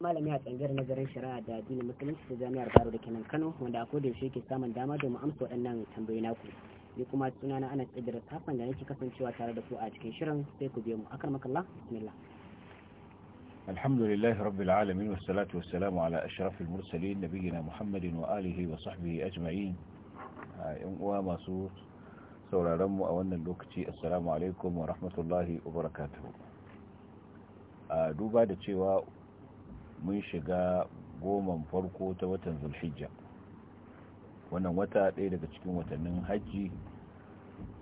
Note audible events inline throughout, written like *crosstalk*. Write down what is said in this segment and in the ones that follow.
malami a tsangar nazarin shari'a da addinin musulunci ta jami'ar baro da kenan kano wanda a koda yaushe ke samun dama domin amsa waɗannan tambayi naku ni kuma suna na anas idris safan da nake kasancewa tare da ku a cikin shirin sai ku biyo mu akan makalla bismillah alhamdulillahi rabbil alamin wassalatu wassalamu ala ashrafil mursalin nabiyina muhammadin wa alihi wa sahbihi ajma'in ah, yan uwa masu sauraron mu a wannan lokaci assalamu alaikum wa rahmatullahi wa barakatuh ah, duba da cewa mun shiga goman farko ta watan zulhijja wannan wata ɗaya daga cikin watannin hajji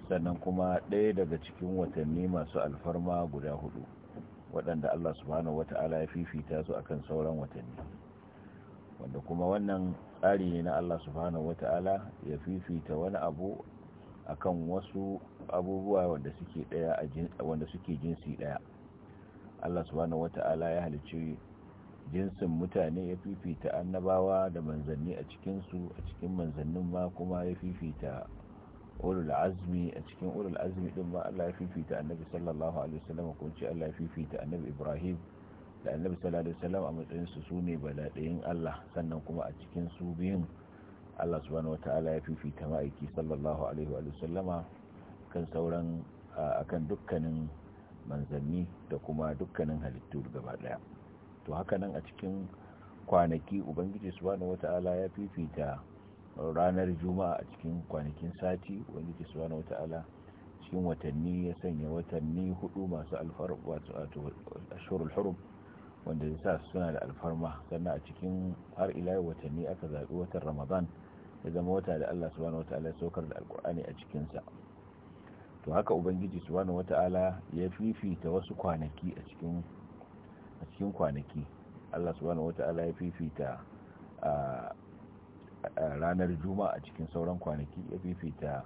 sannan kuma ɗaya daga cikin watanni masu alfarma guda hudu waɗanda Allah subhanahu wata'ala ya fifita su akan sauran watanni wanda kuma wannan tsari ne na Allah subhanahu wata'ala ya fifita wani abu akan wasu abubuwa wanda suke jinsi ɗaya Allah subhanahu wata'ala ya halicci jinsin mutane ya fifita annabawa da manzanni a cikinsu a cikin manzannin ma kuma ya fifita ulul azmi a cikin ulul azmi din ma Allah ya fifita annabi sallallahu alaihi wasallam ko ce Allah ya fifita annabi Ibrahim da annabi sallallahu alaihi wasallam a matsayin su sune baladayin Allah sannan kuma a cikin su biyun Allah subhanahu wataala ya fifita ma'aiki sallallahu alaihi wa sallama kan sauran akan dukkanin manzanni da kuma dukkanin halittu gaba daya to haka nan a cikin kwanaki ubangiji subhanahu wata'ala ya fifita ranar juma'a a cikin kwanakin sati ubangiji subhanahu wata'ala cikin watanni ya sanya watanni hudu masu alfarma wato ashurul hurum wanda ya sa suna da alfarma sannan a cikin har ila watanni aka zaɓi watan ramadan ya zama wata da Allah subhanahu wata'ala ya saukar da alkur'ani a cikinsa to haka ubangiji subhanahu wata'ala ya fifita wasu kwanaki a cikin a cikin kwanaki Allah subhanahu wata'ala ya fifita a ranar juma a cikin sauran kwanaki ya fifita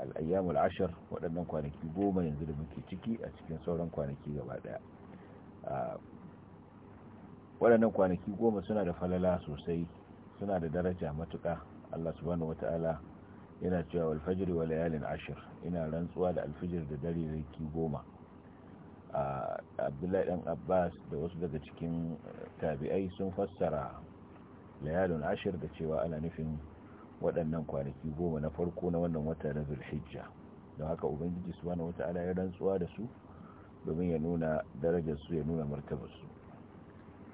al'ayyamul ashir waɗannan kwanaki goma yanzu da muke ciki a cikin sauran kwanaki gaba ɗaya waɗannan kwanaki goma suna da falala sosai suna da daraja matuƙa Allah subhanahu wata'ala yana cewa alfajir wa layalin ashir ina rantsuwa da alfijir da dare ki goma abdullahi dan abbas da wasu daga cikin eh, tabi'ai sun fassara layalun ashir da cewa ana nufin waɗannan kwanaki goma na farko na wannan wata na zulhijja don haka ubangiji subhanahu wata'ala ya rantsuwa da su domin ya nuna darajar ya nuna martabar su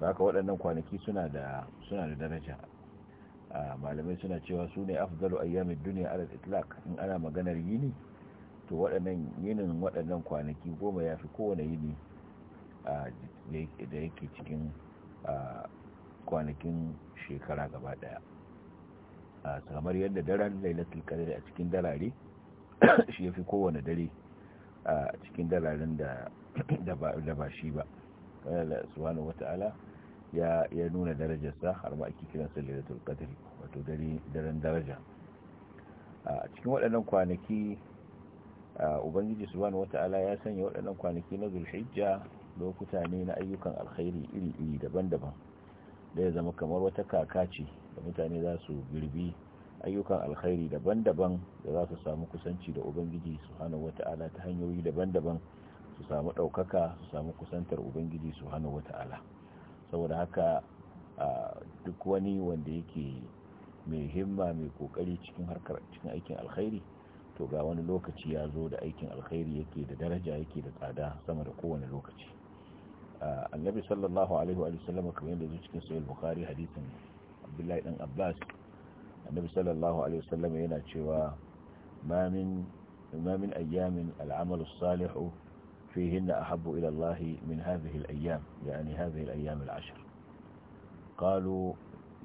haka waɗannan kwanaki suna da da daraja ah, malamai suna cewa su ne afdalu ayyamin duniya alal itlaq in ana maganar yini to waɗannan yinin waɗannan kwanaki goma ya fi kowane yini da yake cikin kwanakin shekara gaba ɗaya kamar yadda daren lailatul qadr a cikin dalari *coughs* shi ya fi kowane dare a cikin dalarin *coughs* da ba shi ba Allah subhanahu wataala ya nuna darajarsa har ma ake kiran sa lailatul wato dare daren daraja a cikin waɗannan kwanaki Ah, ubangiji subhanahu wata'ala ya sanya waɗannan kwanaki na zulhijja lokuta ne na ayyukan alkhairi iri-iri daban-daban da ya zama kamar wata kaka ce da mutane za su girbi ayyukan alkhairi daban-daban da za su samu kusanci da ubangiji subhanahu wata'ala ta hanyoyi daban-daban su samu ɗaukaka su samu kusantar ubangiji subhanahu wata'ala saboda haka ah, duk wani wanda yake mai himma mai kokari cikin harkar cikin aikin alkhairi to ga wani lokaci ya zo da aikin alkhairi yake da daraja yake da tsada sama da kowane lokaci annabi sallallahu alaihi wa sallam kuma yanda zuci cikin sahih bukhari hadisin abdullahi dan abbas annabi sallallahu alaihi wa sallam yana cewa ma min ma min ayyamin al'amalu salihu فيهن أحب إلى الله من هذه hadhihi يعني هذه الأيام العشر قالوا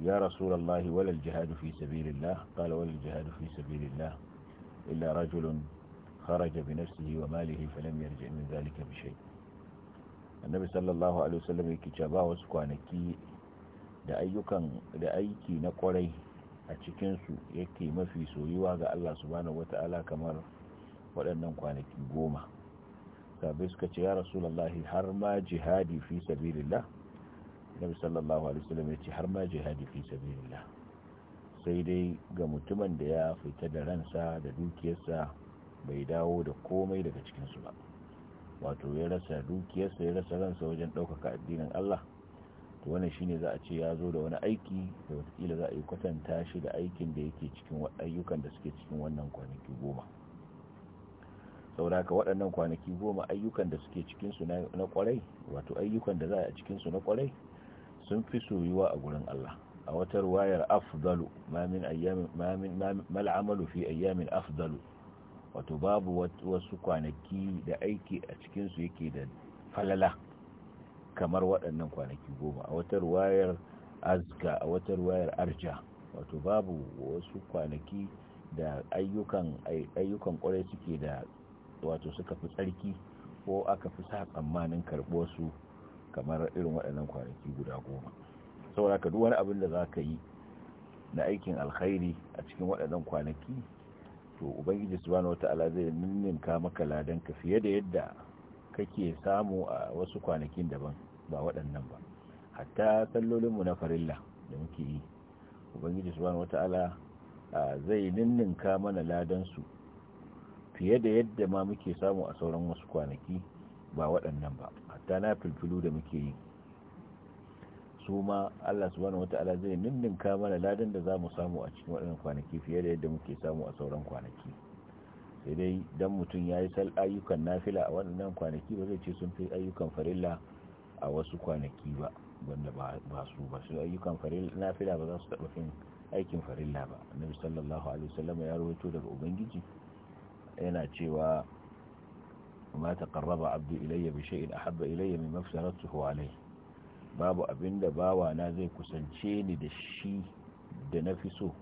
يا رسول الله ولا الجهاد في سبيل الله قال ولا الجهاد في سبيل الله إلا رجل خرج بنفسه وماله فلم يرجع من ذلك بشيء النبي صلى الله عليه وسلم yake cewa wasu kwanaki da ayyukan da aiki na kwarai a cikinsu yake mafi soyuwa ga Allah subhanahu wataala kamar waɗannan kwanaki goma sabai suka ce ya rasulullahi har ma jihadi fi sabilillah Nabi sallallahu alaihi wasallam ya ce har ma jihadi fi sabilillah sai dai ga mutumin da ya fita da ransa da dukiyarsa bai dawo da komai daga cikinsu ba wato ya rasa dukiyarsa ya rasa ransa wajen ɗaukaka addinin Allah to wannan shine za a ce ya zo da wani aiki da watakila za a yi kwatanta shi da aikin da yake cikin ayyukan da suke cikin wannan kwanaki goma sauraka waɗannan kwanaki goma ayyukan da suke cikinsu na kwarai wato ayyukan da za a cikinsu na kwarai sun fi soyuwa a gurin Allah a wata ruwayar afdalu ma ayyamin fi ayyamin afdalu wato babu wasu kwanaki da aiki a cikin su yake da falala kamar waɗannan kwanaki goma a wata ruwayar azga a wata ruwayar arja wato babu wasu kwanaki da ayyukan ayyukan kwarai suke da wato suka fi tsarki ko aka fi sa tsammanin karɓo su kamar irin waɗannan kwanaki guda goma saboda ka duk wani abin da za ka yi na aikin alkhairi a cikin waɗannan kwanaki to ubangiji subhanahu wata'ala zai ninninka maka ladan ka fiye da yadda kake samu a wasu kwanakin daban ba waɗannan ba hatta sallolinmu na farilla da muke yi ubangiji subhanahu wata'ala zai ninninka mana ladan su fiye da yadda ma muke samu a sauran wasu kwanaki ba waɗannan ba hatta na filfilu da muke yi su ma Allah subhanahu wata'ala zai ninninka mana ladan da za mu samu a cikin waɗannan kwanaki fiye da yadda muke samu a sauran kwanaki sai dai dan mutum ya yi sal ayyukan nafila a waɗannan kwanaki ba zai ce sun fi ayyukan farilla a wasu kwanaki ba wanda ba su ba su ayyukan farilla nafila ba za su taɓa fin aikin farilla ba annabi sallallahu alaihi wasallam ya rawaito daga ubangiji yana cewa ma taqarraba abdu ilayya bi shay'in ahabba ilayya mimma afsaratuhu alayhi babu abin da bawana zai kusance ni da shi da na fi so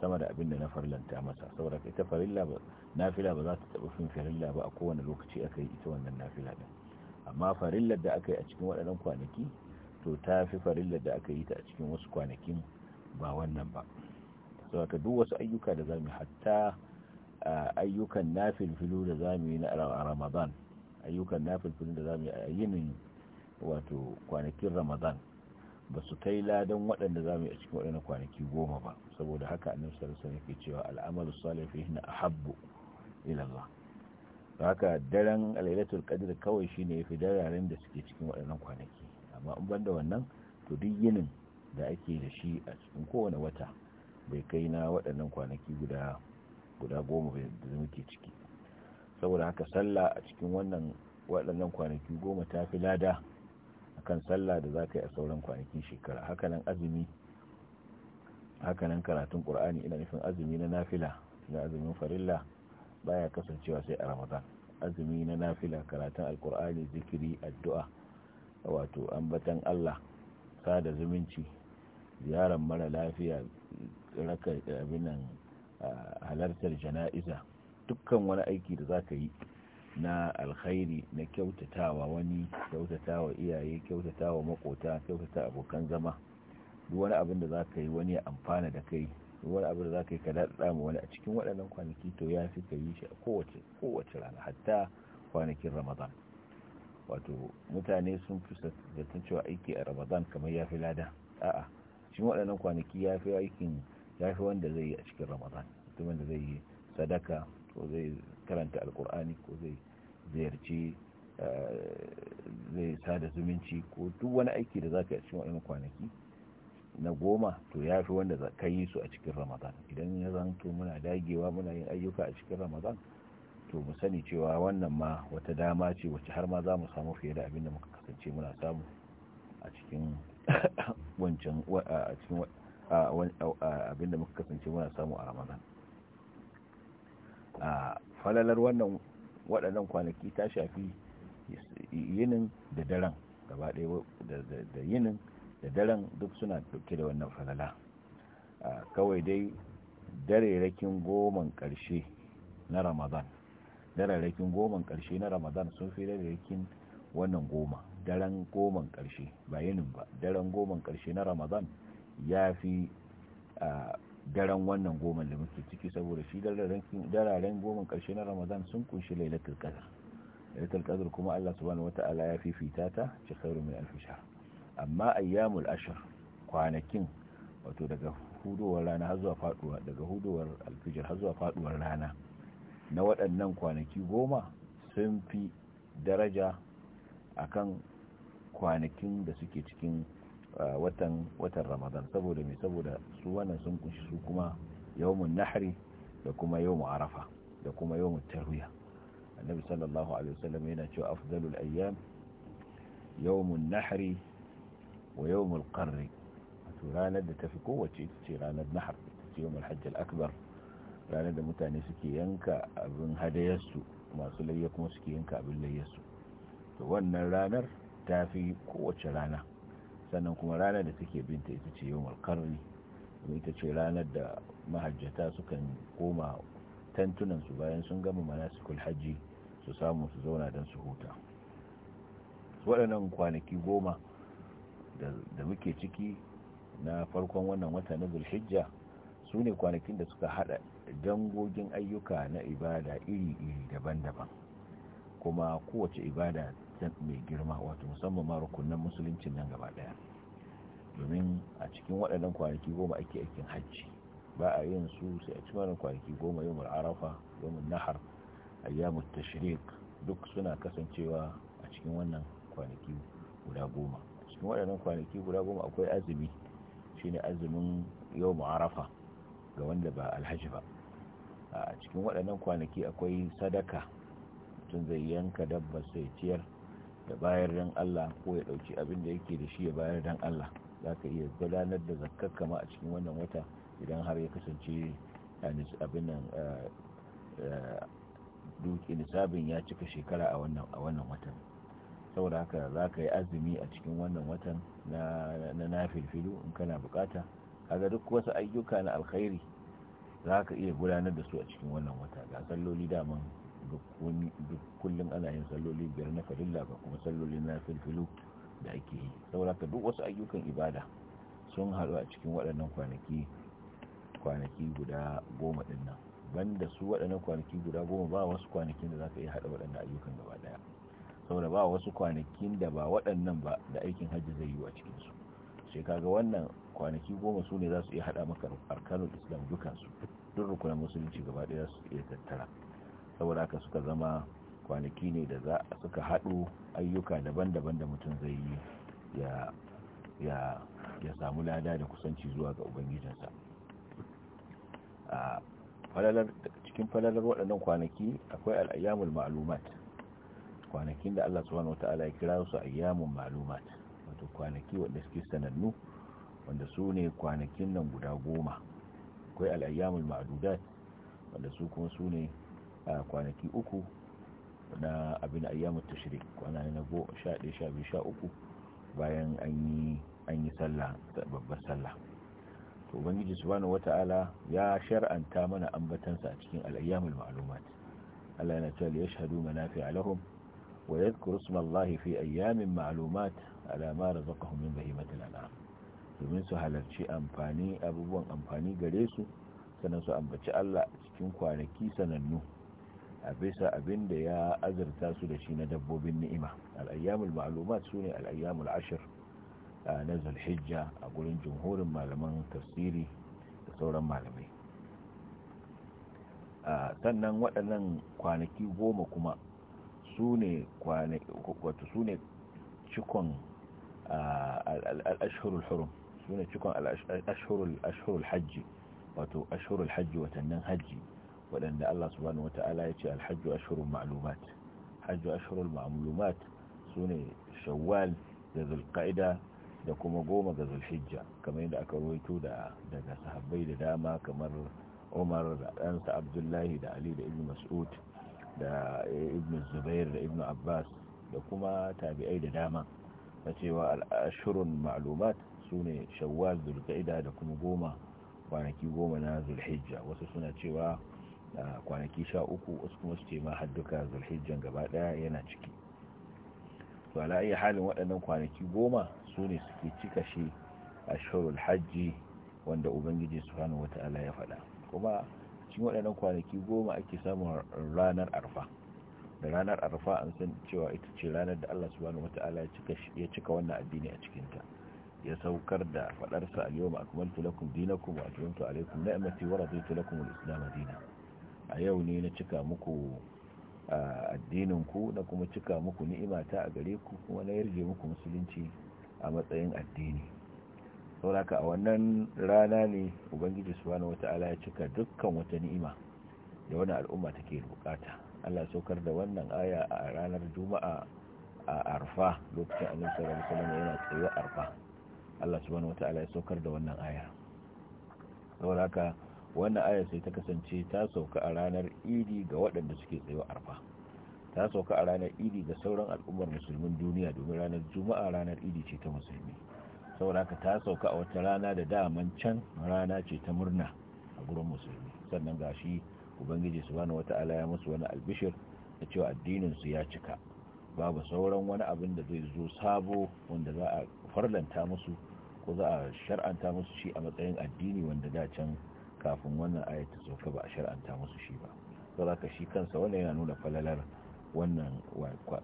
sama da abin da na farlanta masa saboda ka ita farilla ba nafila ba za ta taɓa fin farilla ba a kowane lokaci aka yi ita wannan nafila ɗin amma farillar da aka yi a cikin waɗannan kwanaki to ta fi farillar da aka yi ta a cikin wasu kwanakin ba wannan ba saboda duk wasu ayyuka da zamu hatta ayyukan nafilfilu da zamu yi na Ramadan ayyukan nafilfilu da zamu yi a yinin wato kwanakin ramadan ba su kai ladan waɗanda za mu yi a cikin waɗannan kwanaki goma ba saboda haka annabi sallallahu alaihi wasallam yake cewa al'amalu salih fihi na ahabbu ila Allah haka daren lailatul qadr kawai shine yafi dararen da suke cikin waɗannan kwanaki amma in banda wannan to duk yinin da ake da shi a cikin kowane wata bai kai na waɗannan kwanaki guda guda goma da muke ciki saboda haka sallah a cikin wannan waɗannan kwanaki goma ta fi lada akan sallah da za ka yi a sauran kwanakin shekara hakanan azumi hakanan karatun qur'ani ina nufin azumi na nafila da azumin farilla baya kasancewa sai a ramadan azumi na nafila karatun alkur'ani zikiri addu'a wato ambatan Allah sada zumunci ziyara mara lafiya raka abinan halartar jana'iza dukkan wani aiki da za ka yi na alkhairi na kyautatawa wani kyautatawa iyaye kyautatawa makota kyautata abokan zama duk wani abin da za ka yi wani amfana da kai duk wani abin da za ka yi ka wani a cikin waɗannan kwanaki to ya fi ka yi shi a kowace kowace rana hatta kwanakin ramadan wato mutane sun fi zaton cewa aiki a ramadan kamar ya fi lada a'a cikin waɗannan kwanaki ya fi aikin ya fi wanda zai yi a cikin ramadan mutumin da zai yi sadaka ko zai karanta alkur'ani ko zai ziyarci eh, zai sada zumunci ko duk wani aiki da za ka yi a kwanaki na goma to ya fi wanda ka yi su a cikin ramadan idan ya zanto muna dagewa muna yin ayyuka a cikin ramadan to mu sani cewa wannan ma wata dama ce wacce har ma za mu samu fiye da abin da muka kasance muna samu a cikin wancan abin da muka kasance muna samu a ramadan ah, falalar wannan waɗannan kwanaki ta shafi yinin da daren gaba ɗaya da yinin da daren duk suna ɗauke da wannan falala kawai dai darerakin goman ƙarshe na ramadan darerakin goman ƙarshe na ramadan sun fi darerakin wannan goma daren goman ƙarshe ba yinin ba daren goman ƙarshe na ramadan ya fi daren wannan goma da muke ciki saboda shi dararen goma karshe na ramadan sun kunshi lailatul qadr lailatul qadr kuma Allah subhanahu wataala ya fifita ta ci khairu min alf shahr amma ayyamul ashr kwanakin wato daga hudowar rana har zuwa faduwa daga hudowar alfijir har zuwa faduwar rana na waɗannan kwanaki goma sun fi daraja akan kwanakin da suke cikin watan watan ramadan saboda mai saboda su wannan sun kunshi su kuma yawmun nahri da kuma yawmu arafa da kuma yawmu tarwiya annabi sallallahu alaihi wasallam yana cewa afdalul ayyam yawmun nahri wa yawmul qarr to ranar da tafi kowace ita ce ranar nahar ita ce yawmul hajj akbar ranar da mutane suke yanka abin hadayarsu masu layya kuma suke yanka abin layyarsu to wannan ranar ta fi kowace rana sannan kuma ranar da suke binta ita ce yawon karni ita ce ranar da mahajjata sukan koma tantunansu bayan sun gama mana manasikul hajji su samu su zauna don su huta waɗannan kwanaki goma da muke ciki na farkon wannan wata na zulhijja su ne kwanakin da suka hada dangogin ayyuka na ibada iri-iri daban-daban kuma kowace ibada mai girma wato musamman ma rukunan musuluncin nan gaba daya domin a cikin waɗannan kwanaki goma ake aikin hajji ba a yin su sai a cikin kwanaki goma yau arafa yau nahar ayyamu shirik duk suna kasancewa a cikin wannan kwanaki guda goma cikin waɗannan kwanaki guda goma akwai azumi shine azumin yau arafa ga wanda ba alhaji ba a cikin waɗannan kwanaki akwai sadaka mutum zai yanka dabba sai ciyar da bayar dan Allah ko ya dauki abin da yake da shi ya bayar dan Allah za ka iya gudanar da zakar kama a cikin wannan wata idan har ya kasance eh, abin nan eh, eh, duki nisabin ya cika shekara a wannan a watan saboda haka ka yi azumi a cikin wannan watan na na nafilfilu in kana bukata kaga duk wasu ayyuka na alkhairi za ka iya gudanar da su a cikin wannan wata ga salloli daman duk kullum ana yin salloli biyar na farilla ga kuma salloli na filfilu da ake yi sauraka duk wasu ayyukan ibada sun haɗu a cikin waɗannan kwanaki kwanaki guda goma ɗin nan banda su waɗannan kwanaki guda goma ba wasu kwanakin da za ka iya haɗa waɗannan ayyukan gaba ɗaya saboda ba wasu kwanakin da ba waɗannan ba da aikin hajji zai yi a cikinsu sai kaga wannan kwanaki goma su ne za su iya haɗa maka arkanul islam dukansu duk rukunan musulunci gaba ɗaya su iya tattara saboda haka suka zama kwanaki ne da za suka haɗu ayyuka daban-daban da mutum zai yi ya samu lada da kusanci zuwa ga ubangijinsa a cikin falalar waɗannan kwanaki akwai al'ayyamul ma'lumat kwanakin da Allah subhanahu wata'ala ya kira su ayyamun ma'lumat wato kwanaki wanda suke sanannu wanda su ne kwanakin nan guda goma akwai al'ayyamul ma'adudat wanda su kuma su ne kwanaki uku na abin ayyamu tashrik kwana na go biyu sha uku bayan an yi an sallah babbar sallah to ubangiji subhanahu wata'ala ya shar'anta mana ambatansa a cikin al ma'lumat Allah yana cewa li yashhadu manafi'a lahum wa yadhkuru isma fi ayyamin ma'lumat ala ma razaqahum min bahimatil an'am domin su halarci amfani abubuwan amfani gare su sannan su ambaci Allah cikin kwanaki sanannu a bisa abin da ya azurta su da shi na dabbobin ni'ima al'ayyamul ma'lumat su ne al'ayyamul ashir na hijja a gurin jumhurin malaman tafsiri da sauran malamai sannan waɗannan kwanaki goma kuma su ne cikon al'ashirul hurum su ne cikon al'ashirul hajji wato ashirul hajji watannin hajji waɗanda Allah subhanahu ta'ala ya ce alhajju ashhurun ma'lumat hajju ashhurul ma'lumat sune shawwal da zulqa'ida da kuma goma ga zulhijja kamar yadda aka rawaito da daga sahabbai da dama kamar Umar da ɗansa Abdullahi da Ali da Ibn Mas'ud da eh, Ibn Zubair da Ibn Abbas da kuma tabi'ai da dama na cewa al'ashirun ma'lumat sune shawwal zulqa'ida da kuma goma kwanaki goma na zulhijja wasu suna cewa kwanaki sha uku wasu kuma su ce ma hadduka zulhijjan gaba daya yana ciki to ala iya halin waɗannan kwanaki goma su ne suke cika shi a hajji wanda ubangiji subhanahu wata'ala ya faɗa kuma cikin waɗannan kwanaki goma ake samun ranar arfa da ranar arfa an san cewa ita ce ranar da Allah subhanahu wata'ala ya cika wannan addini a cikinta ya saukar da faɗarsa al-yawma akmaltu lakum dinakum wa atmamtu alaykum ni'mati wa raditu lakum al-islam dinan a yau ne na cika muku addinin ku na kuma cika muku ni'imata a gare ku kuma na yarje muku musulunci a matsayin addini sauraka a wannan rana ne ubangiji subhanahu wata'ala ya cika dukkan wata ni'ima da wani al'umma take bukata Allah saukar da wannan aya a ranar juma'a a arfa lokacin annabi sallallahu yana tsaye arfa Allah subhanahu wata'ala ya saukar da wannan aya sauraka wannan ayar sai ta kasance ta sauka a ranar idi ga waɗanda suke tsayo arfa ta sauka a ranar idi ga sauran al'ummar musulmin duniya domin ranar juma'a ranar idi ce ta musulmi saboda haka ta sauka a wata rana da dama can rana ce ta murna a gurin musulmi sannan ga shi ubangiji subhanahu wata'ala ya musu wani albishir da cewa addinin su ya cika babu sauran wani abin da zai zo sabo wanda za a farlanta musu ko za a shar'anta musu shi a matsayin addini wanda da can kafin wannan ayyata ta sauka ba a shar'anta musu shi ba za ka shi kansa wannan yana nuna falalar wannan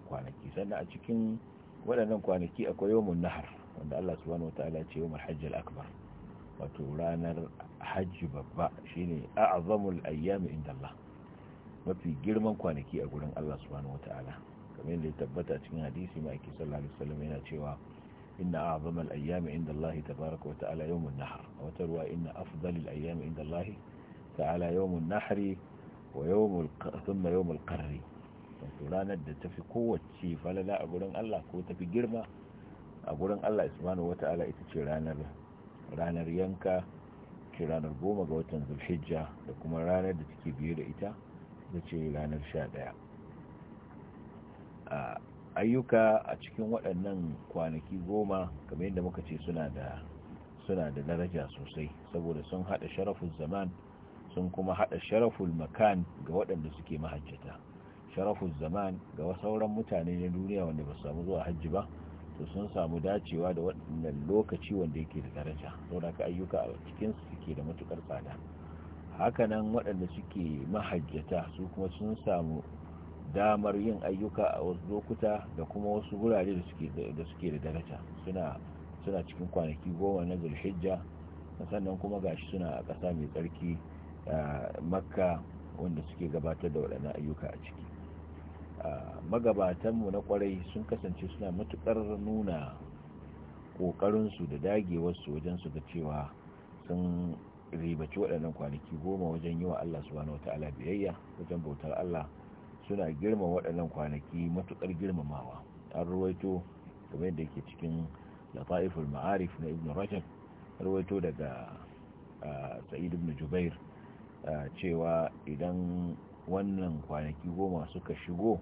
kwanaki sannan a cikin waɗannan kwanaki akwai yawon nahar wanda Allah subhanahu wataala ya ce yawmul hajji akbar wato ranar hajji babba shine a'zamul ayyami inda Allah mafi girman kwanaki a gurin Allah wata ala kamar yadda ya tabbata cikin hadisi ma'aiki sallallahu yana cewa إن أعظم الأيام عند الله تبارك وتعالى يوم النحر وتروى إن أفضل الأيام عند الله تعالى يوم النحر ويوم الق... ثم يوم القر ranar da tafi kowace falala a gurin Allah ko tafi girma a gurin Allah subhanahu wata'ala ita ce ranar yanka ce ranar goma ga watan zulhijja da kuma ranar da take biye da ita ita ce ranar sha daya ayyuka a cikin waɗannan kwanaki goma kamar yadda muka ce suna da suna da daraja sosai saboda sun haɗa sharafin zaman sun kuma haɗa sharaful makan ga waɗanda suke mahajjata sharafin zaman ga sauran mutane na duniya wanda ba samu zuwa hajji ba to sun samu dacewa da waɗannan lokaci wanda yake da daraja saboda ka ayyuka a cikinsu suke da matuƙar tsada hakanan waɗanda suke mahajjata su kuma sun samu damar yin ayyuka a wasu lokuta da kuma wasu wurare da suke da daraja suna cikin kwanaki goma na zulhijja sannan kuma gashi suna a ƙasa mai tsarki a makka wanda suke gabatar da waɗannan ayyuka a ciki magabatanmu na kwarai sun kasance suna matuƙar nuna ƙoƙarinsu da dagewarsu wajen su ga cewa sun ribaci waɗannan kwanaki goma wajen yi wa Allah subhanahu ta'ala biyayya wajen bautar Allah suna girma waɗannan kwanaki matuƙar girmamawa an ruwaito kamar yadda ke cikin lafaiful ma'arif na ibn rajab ruwaito daga sa'id ibn jubair cewa idan wannan kwanaki goma suka shigo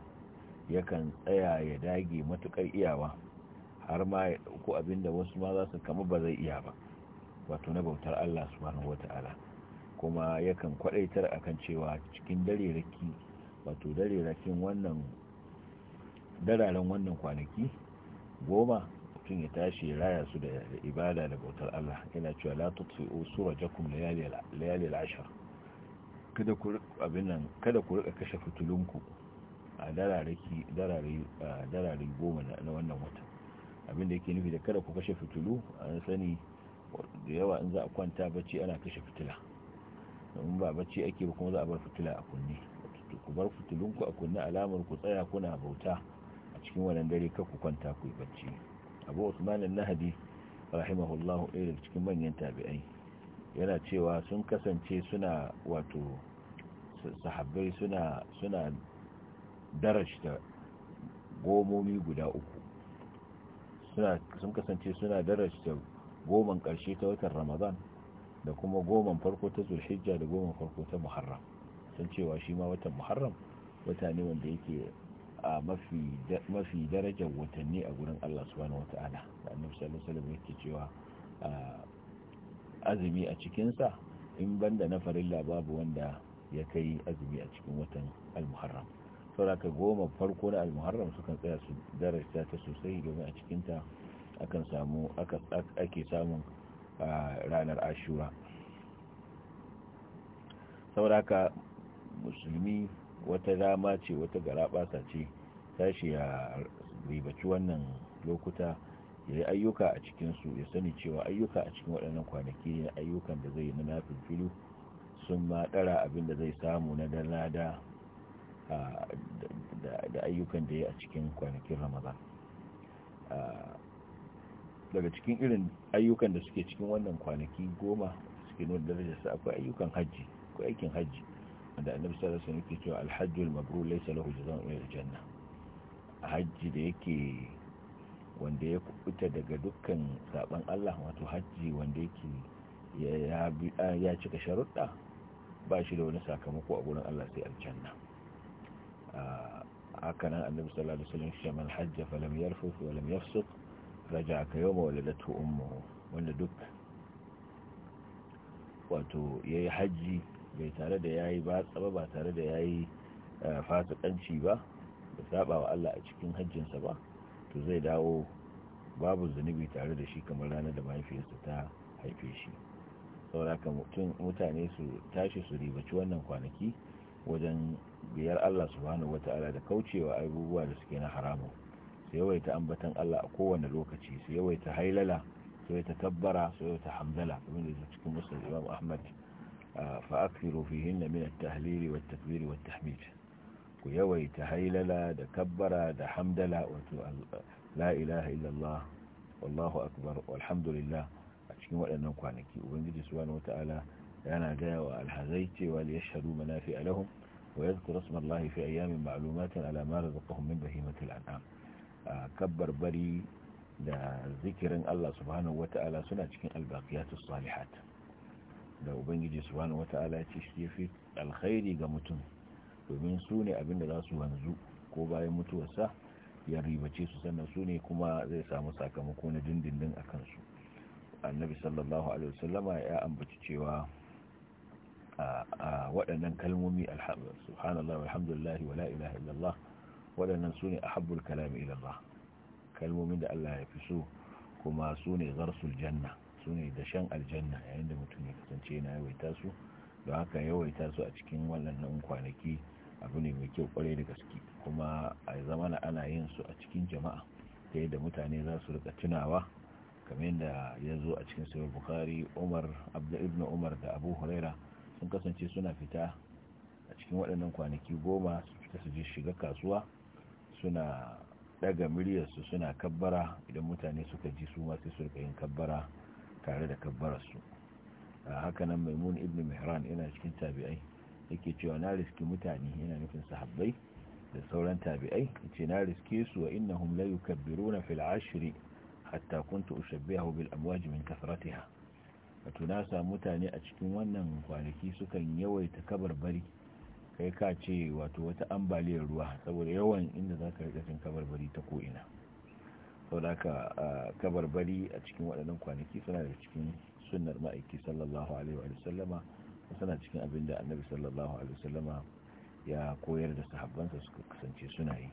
yakan tsaya ya dage matuƙar iyawa har ma ya ɗauko abinda wasu ma za su kama ba zai iya ba wato na bautar Allah subhanahu wata'ala kuma yakan kwaɗaitar akan cewa cikin dare raki wato darerakin wannan dararen wannan kwanaki goma mutum ya tashi ya raya su da ibada da bautar Allah yana cewa la tutfi'u surajakum layali al-ashr kada ku abin nan kada ku rika kashe fitulunku a darareki darare darare goma na wannan wata abin da yake nufi da kada ku kashe fitulu an sani da yawa in za a kwanta bacci ana kashe fitila domin ba bacci ake ba kuma za a bar fitila a kunne ku bar fitulunku a kunni alamar ku tsaya kuna bauta a cikin wannan dare kar ku kwanta ku yi bacci abu usman al nahdi rahimahullahu ɗaya cikin manyan tabi'ai yana cewa sun kasance suna wato sahabbai suna suna darashta gomomi guda uku sun kasance suna darashta goman ƙarshe ta watan ramadan da kuma goman farko ta zulhijja da goman farko ta muharram san cewa shi ma watan muharram wata ne wanda yake a mafi darajar watanni a gurin Allah subhanahu wa ta'ala da annabi sallallahu alaihi wasallam yake cewa azumi a cikinsa in banda na farilla babu wanda ya kai azumi a cikin watan al-muharram sauraka goma farko na al-muharram sukan tsaya su darasta ta sosai domin a cikinta akan samu ake samun ranar ashura sauraka musulmi wata dama ce wata garabasa ce tashi ya ribaci wannan lokuta ya yi ayyuka a cikinsu ya sani cewa ayyuka a cikin waɗannan kwanaki ne ayyukan da zai na nafin filu sun ma ɗara abin da zai samu na dalada da ayyukan da ya a cikin kwanakin ramadan daga cikin irin ayyukan da suke cikin wannan kwanaki goma suke nuna darajarsa akwai ayyukan hajji ko aikin hajji da annabi sallallahu alaihi wasallam yake cewa alhajjul mabrur laysa lahu jazaa'un illa aljanna hajji da yake wanda ya kubuta daga dukkan saban Allah wato hajji wanda yake ya cika sharuɗa ba shi da wani sakamako a gurin Allah sai aljanna ah, haka nan annabi sallallahu alaihi wasallam shi man hajja falam yarfuth wa lam yafsuq raja'a ka yawma waladatu ummuhu wanda duk wato yayi hajji bai tare da yayi ba tsaba ba tare da yayi eh, fasikanci ba da saba wa Allah a cikin hajjinsa ba to zai dawo babu zunubi tare da shi kamar ranar da mahaifiyarsa ta haife shi sauraka mutum mutane su tashi su ribaci wannan kwanaki wajen biyar Allah subhanahu wata'ala da kaucewa abubuwa da suke na haramun su yawaita ambatan Allah a kowane lokaci su yawaita hailala su ta tabbara su yawaita hamdala kamar da cikin musulun imam ahmad fa’afiru fihin na minar tahliri wa tafiri wa tahmid ku yawaita ta hailala da kabbara da hamdala wato la’ilaha illallah wallahu akbar alhamdulillah a cikin waɗannan kwanaki ubangiji suwanu wata’ala yana gaya wa alhazai cewa da ya shaɗu manafi alahun wa ya zuku rasu mallahi fi ayyamin ma’alumatan alamar zakahun min bahimatul an’am a kabbar bari da zikirin allah subhanahu wata’ala suna cikin albaƙiyatu salihatan da ubangiji subhanahu wata'ala ya ce shi fi alkhairi ga mutum domin su ne abin da za su wanzu ko bayan mutuwarsa ya ribace su sannan su ne kuma zai samu sakamako na dindindin a kansu annabi sallallahu alaihi wasallama ya ambaci cewa a waɗannan kalmomi subhanallah wala ilaha illallah waɗannan su ne a ahabbul kalami ilallah kalmomin da Allah ya fi so kuma su ne zarsul janna su ne dashen aljanna yayin da mutum kasance na yawaita su don haka yawaita su a cikin wannan kwanaki abu ne mai kyau kwarai da gaske kuma a zamana ana yin su a cikin jama'a ta yadda mutane za su rika tunawa kamar yadda ya zo a cikin sayar bukari umar abdu ibn umar da abu huraira sun kasance suna fita a cikin waɗannan kwanaki goma su fita su je shiga kasuwa suna daga su suna kabbara idan mutane suka ji su masu sai yin kabbara tare da kabbararsu a hakanan maimun ibn mihran yana cikin tabi'ai yake cewa na riski mutane yana nufin sahabbai da sauran tabi'ai yace na riske su wa innahum la yukabbiruna fil ashri hatta kuntu ushabbihu bil amwaj min kathratiha wato na samu mutane a cikin wannan kwanaki sukan yawaita kabarbari kai ka ce wato wata ambaliyar ruwa saboda yawan inda za ka rikacin kabarbari ta ko'ina saboda da ka ah, kabarbari a cikin waɗannan kwanaki suna da cikin sunnar ma'aiki sallallahu alaihi wa sallama suna cikin abin da annabi sallallahu alaihi wa sallama ya koyar da sahabbansa suka kasance suna yi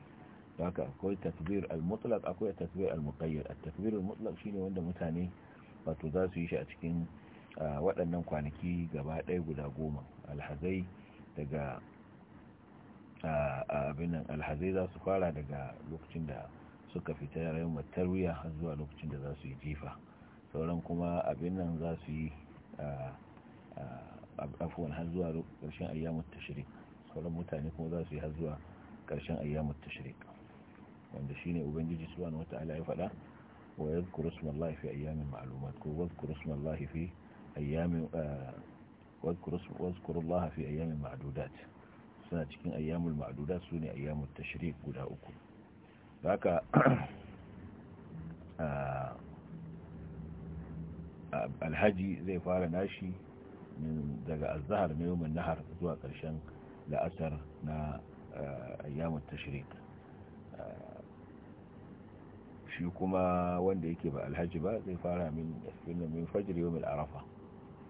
da haka akwai takbir al-mutlaq akwai takbir al-muqayyad at-takbir al-mutlaq shine wanda mutane wato za su yi shi a cikin waɗannan kwanaki gaba ɗaya guda goma alhazai daga abin alhazai za su fara daga lokacin da suka fita rayuwar tarwiya har zuwa lokacin da za su yi jifa sauran kuma abin nan za su yi afuwan har zuwa ƙarshen ayyamun tashirik sauran mutane kuma za su yi har zuwa ƙarshen ayyamun tashirik wanda shi ne ubangiji subhanahu wa ta'ala ya faɗa wa yadhkuru smallahi fi ayyamin ma'lumat ko wadhkuru smallahi fi ayyamin fi ayyamin ma'adudat, suna cikin ayyamul ma'dudat sune ayyamut tashrik guda uku Za haka *clears throat* alhaji zai fara nashi daga azahar na yawon nahar zuwa ƙarshen la'asar na eh, yawon tashirik eh, shi kuma wanda yake ba alhaji ba zai fara min fajir yawon arafa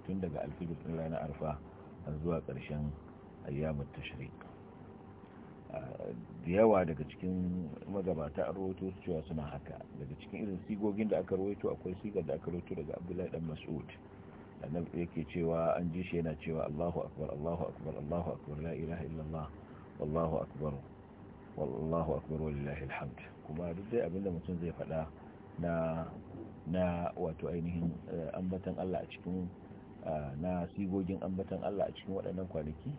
tun daga alfijir ɗin ranar arfa zuwa ƙarshen ayyamun tashirik da yawa daga cikin magabata a rawaito cewa suna haka daga cikin irin sigogin da aka rawaito akwai sigar da aka rawaito daga abdullahi dan mas'ud annabi yake cewa an ji shi yana cewa Allahu akbar Allahu akbar Allahu akbar la ilaha illallah wallahu akbar wallahu akbar wallahi alhamd kuma duk dai abinda mutum zai faɗa na na wato ainihin eh, ambatan Allah a cikin eh, na sigogin ambatan Allah a cikin waɗannan kwanaki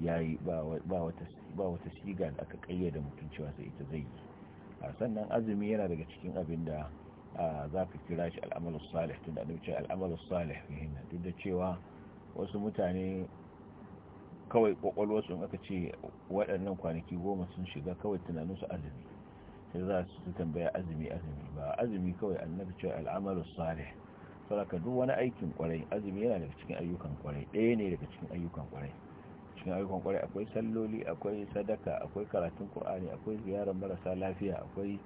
yayi ba wata ba wata siga da aka kayyade mutum cewa sai ita zai yi A sannan azumi yana daga cikin abin da za ka kira shi al'amalu salih tun da ce al'amalu salih fihin duk da cewa wasu mutane kawai kwakwalwarsu aka ce waɗannan kwanaki goma sun shiga kawai tunaninsu azumi sai za su tambaya azumi azumi ba azumi kawai annabi cewa al'amalu salih saboda duk wani aikin kwarai azumi yana daga cikin ayyukan kwarai ɗaya ne daga cikin ayyukan kwarai cikin ayyukan kwarai akwai salloli akwai sadaka akwai karatun ƙur'ani akwai ziyarar marasa lafiya akwai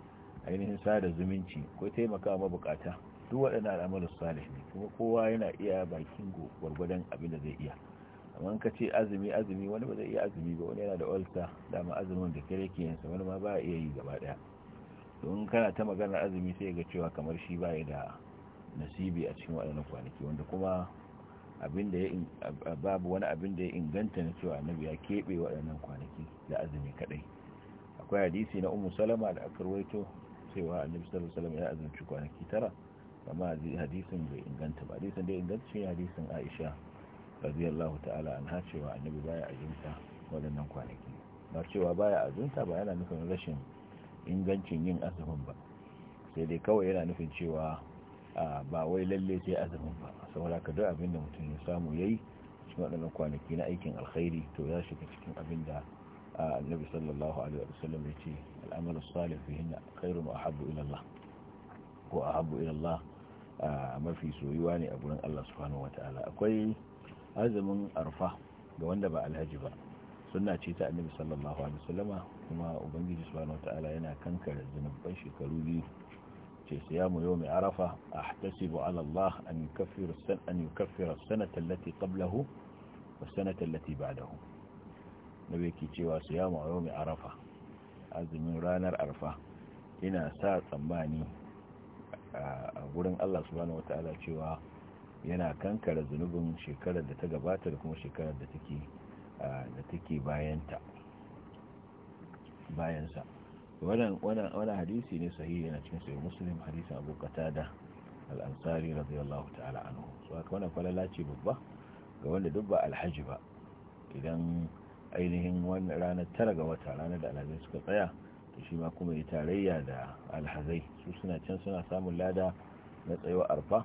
ainihin sada zumunci akwai taimakawa mabukata duk waɗannan al'amalus salih ne kuma kowa yana iya bakin gwargwadon abin da zai iya amma ka ce azumi azumi wani ba zai iya azumi ba wani yana da olsa dama azumin da kare ke yansa wani ma ba iya yi gaba ɗaya don kana ta maganar azumi sai ga cewa kamar shi baya da nasibi a cikin waɗannan kwanaki wanda kuma babu wani abin da ya inganta na cewa annabi ya keɓe waɗannan kwanaki da azumi kaɗai akwai hadisi na ummu salama da aka rawaito cewa annabi sallallahu alaihi ya azumci kwanaki tara amma hadisin bai inganta ba hadisin da inganta shi hadisin Aisha radiyallahu ta'ala anha cewa annabi baya azumta waɗannan kwanaki ba cewa baya azumta ba yana nufin rashin ingancin yin azumin ba sai dai kawai yana nufin cewa ba wai lalle sai azumin ba saboda ka duk abin da mutum ya samu yayi cikin waɗannan kwanaki na aikin alkhairi to ya shiga cikin abin da annabi sallallahu alaihi wa sallam ya ce al'amalu salih fihin khairun wa ahabbu ila Allah ko ahabbu ila Allah mafi soyuwa ne a gurin Allah subhanahu wataala akwai azumin arfa ga wanda ba alhaji ba sunna ce ta annabi sallallahu alaihi wasallama kuma ubangiji subhanahu wataala yana kankare zunuban shekaru biyu ce siyamu mai arafa ahtasibu ala Allah an yukaffira san an yukaffira sanata allati qablahu wa sanata allati ba'dahu nabi yake cewa siyamu yawmi arafa azumin ranar arfa ina sa tsammani a gurin Allah subhanahu wataala cewa yana kankara zunubin shekarar da ta gabata da kuma shekarar da take da take bayanta bayansa wannan hadisi ne sahihi yana cikin sahih musulun hadisin abu qatada al-ansari radiyallahu ta'ala anhu so haka falala ce babba ga wanda duk ba alhaji ba idan ainihin wani ranar tara ga wata ranar da alhazai suka tsaya to shi ma kuma ya tarayya da alhazai su suna can suna samun lada na tsayo arfa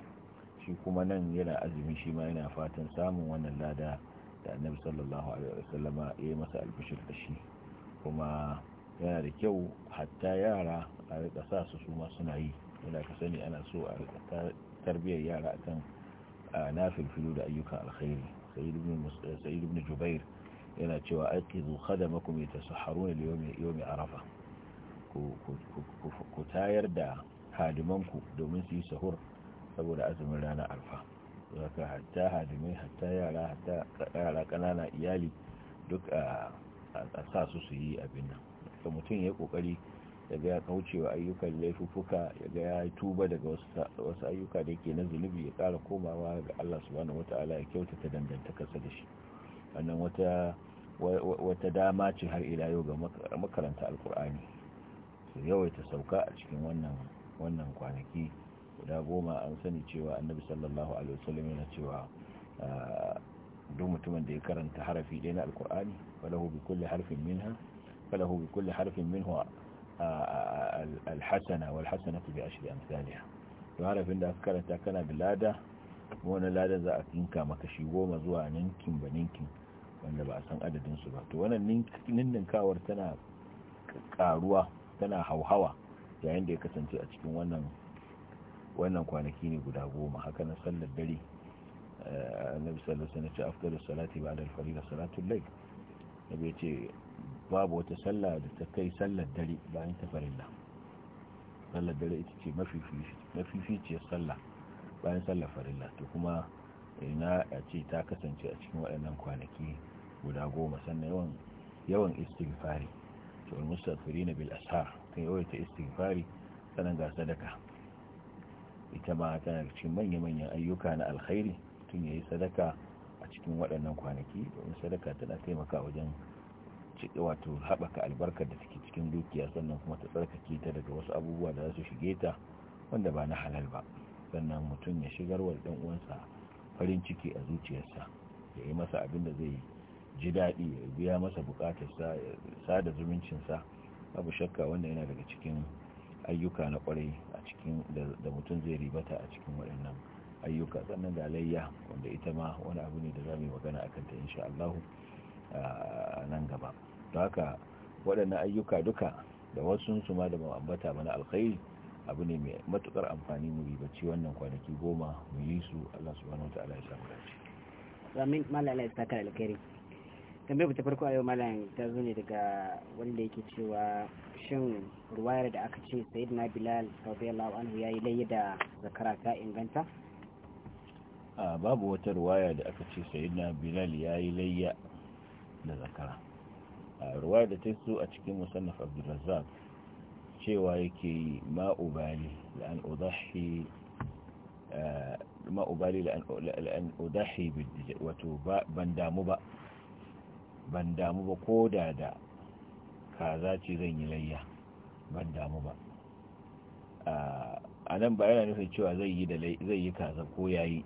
shi kuma nan yana azumi shi ma yana fatan samun wannan lada da annabi sallallahu alaihi wasallama ya yi masa albishir da shi kuma yana da kyau hatta yara a rika sa su suma suna yi yana ka sani ana so a rika tarbiyyar yara akan na filfilu da ayyukan alkhairi sai ibn jubair yana cewa aqizu khadamakum yatasahharuna li yawmi yawmi arafa ku tayar da hadimanku domin su yi sahur saboda azumin rana arfa zaka hatta hadimai hatta yara hatta yara iyali duk a sa su su yi abin nan da mutum ya kokari daga ya kaucewa ayyukan laifuffuka daga ya tuba daga wasu ayyuka da yake na zunubi ya kara komawa ga Allah subhanahu wata'ala ya kyautata dangantakarsa da shi wannan wata wata dama ce har ila yau ga makaranta alkur'ani yau yawaita sauka a cikin wannan wannan kwanaki guda goma an sani cewa annabi sallallahu alaihi wasallam yana cewa ah, duk mutumin da ya karanta harafi ɗaya na alkur'ani falahu bi kulli harfin minha فله بكل حرف منه الحسنة والحسنة بأشر أمثالها يعرف عند da كان باللادة wani lada za a ninka maka shi goma zuwa ninkin ba ninkin wanda ba a san adadinsu ba to wannan ninninkawar tana karuwa tana hauhawa yayin da ya kasance a cikin wannan wannan kwanaki ne guda goma haka na sallar dare annabi sallallahu alaihi wasallam ce afdalu salati ba'da al-fariida salatu al-layl nabi ce babu wata sallah da ta kai sallar dare bayan ta farilla sallar dare ita ce mafificiyar sallah bayan sallar farilla to kuma ina a ce ta kasance a cikin waɗannan kwanaki guda goma sannan yawan yawan istighfari to almustaghfirin bil ashar kan yawaita istighfari sanan ga sadaka ita ma tana cikin manya-manyan ayyuka na alkhairi tun yayi sadaka a cikin waɗannan kwanaki domin sadaka tana taimaka wajen wato haɓaka albarkar da take cikin dukiya sannan kuma ta tsarkake ta daga wasu abubuwa da za su shige ta wanda ba na halal ba sannan mutum ya shigar wa ɗan uwansa farin ciki a zuciyarsa ya yi masa abin da zai ji daɗi ya biya masa buƙatarsa ya sada zumuncinsa babu shakka wanda yana daga cikin ayyuka na kwarai a cikin da mutum zai ribata a cikin waɗannan ayyuka sannan da layya wanda ita ma wani abu ne da za mu yi magana a kanta insha allahu a nan gaba to haka waɗannan ayyuka duka da wasu su ma da ba ambata mana alkhairi abu ne mai matukar amfani mu bacci wannan kwanaki goma mu yi su Allah subhanahu ta'ala ya samu dace amin malala ya saka alkhairi tambayar ta farko a yau malam ta zo ne daga wanda yake cewa shin ruwayar da aka ce sayyidina bilal radiyallahu anhu yayi layi da zakara ta inganta a babu wata ruwaya da aka ce sayyidina bilal yayi layya da zakara a ruwaya da ta so a cikin musannaf Abdulrazak cewa yake yi ma'ubali la'an an udahi eh, udahi wato ban damu ba ban damu ba ko da da kaza ce zan yi layya ban damu ba a nan ba yana nufin cewa zai yi kaza ko yayi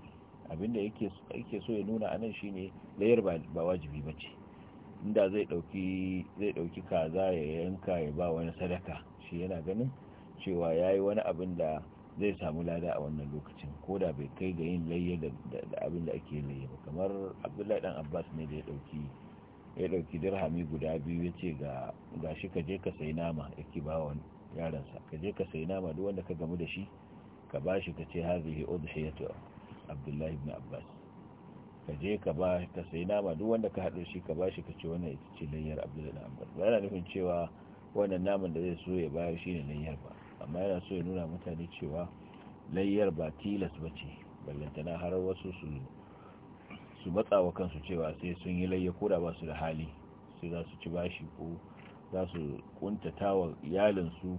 abinda yake so ya nuna a nan shine layar ba wajibi ba ce inda zai dauki kaza ya yanka ya ba wani sadaka shi yana ganin cewa yayi wani abin da zai samu lada a wannan lokacin ko da bai kai ga yin layya da abin da ake layya ba kamar abdullahi dan abbas ne da ya dauki ya dauki dirhami guda biyu ya ce ga gashi ka je ka sai nama yake ba wani yaransa ka je ka sai nama duk wanda ka gamu da shi ka bashi ka ce hazihi udhiyatu abdullahi ibn abbas ka je ka ba ka sai nama duk wanda ka haɗo shi ka ba shi ka ce wannan ita ce layyar abdullahi da ba yana nufin cewa wannan naman da zai so ya bayar shi ne layyar ba amma yana so ya nuna mutane cewa layyar ba tilas ba ce ballantana har wasu su su matsa wa kansu cewa sai sun yi layya ko da ba su da hali sai za su ci bashi ko za su kuntata wa iyalinsu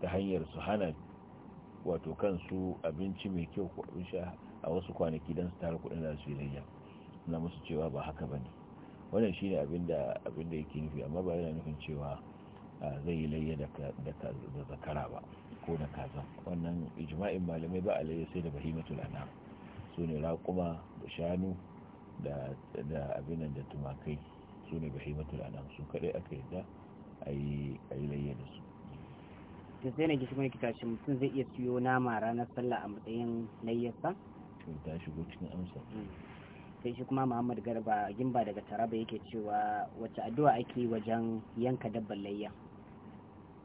ta hanyar su hana wato kansu abinci mai kyau ko abin sha a wasu kwanaki don su tara kudin da su yi layya na musu cewa ba haka ba ne wannan shi ne abin da yake nufi amma ba yana nufin cewa zai yi layya da zakara ba ko da kaza wannan ijma'in malamai ba a layya sai da bahimatul anam su ne raƙuma da shanu da abin da tumakai su ne bahimatul anam su kaɗai aka da a yi layya da su ta sai na gishimar kitacin mutum zai iya siyo nama ranar sallah a matsayin layyarsa ta shigo cikin amsa sai shi kuma muhammad garba gimba daga taraba yake cewa wacce addu'a ake wajen yanka dabbar layya